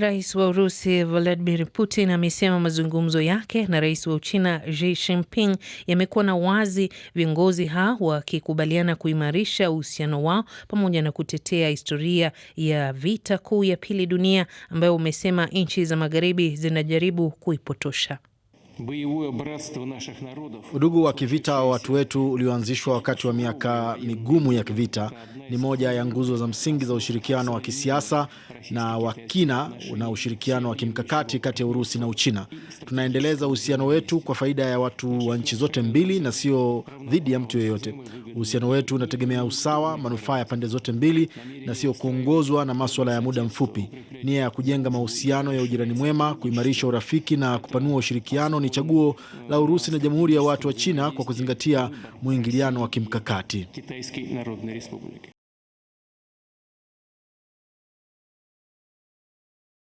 Rais wa Urusi Vladimir Putin amesema mazungumzo yake na rais wa Uchina Xi Jinping yamekuwa na wazi, viongozi hao wakikubaliana kuimarisha uhusiano wao pamoja na kutetea historia ya vita kuu ya pili dunia ambayo umesema nchi za magharibi zinajaribu kuipotosha. Udugu wa kivita wa watu wetu ulioanzishwa wakati wa miaka migumu ya kivita ni moja ya nguzo za msingi za ushirikiano wa kisiasa na wa kina na ushirikiano wa kimkakati kati ya Urusi na Uchina. Tunaendeleza uhusiano wetu kwa faida ya watu wa nchi zote mbili na sio dhidi ya mtu yeyote. Uhusiano wetu unategemea usawa, manufaa ya pande zote mbili na sio kuongozwa na maswala ya muda mfupi. Nia ya kujenga mahusiano ya ujirani mwema, kuimarisha urafiki na kupanua ushirikiano ni chaguo la Urusi na Jamhuri ya Watu wa China kwa kuzingatia mwingiliano wa kimkakati.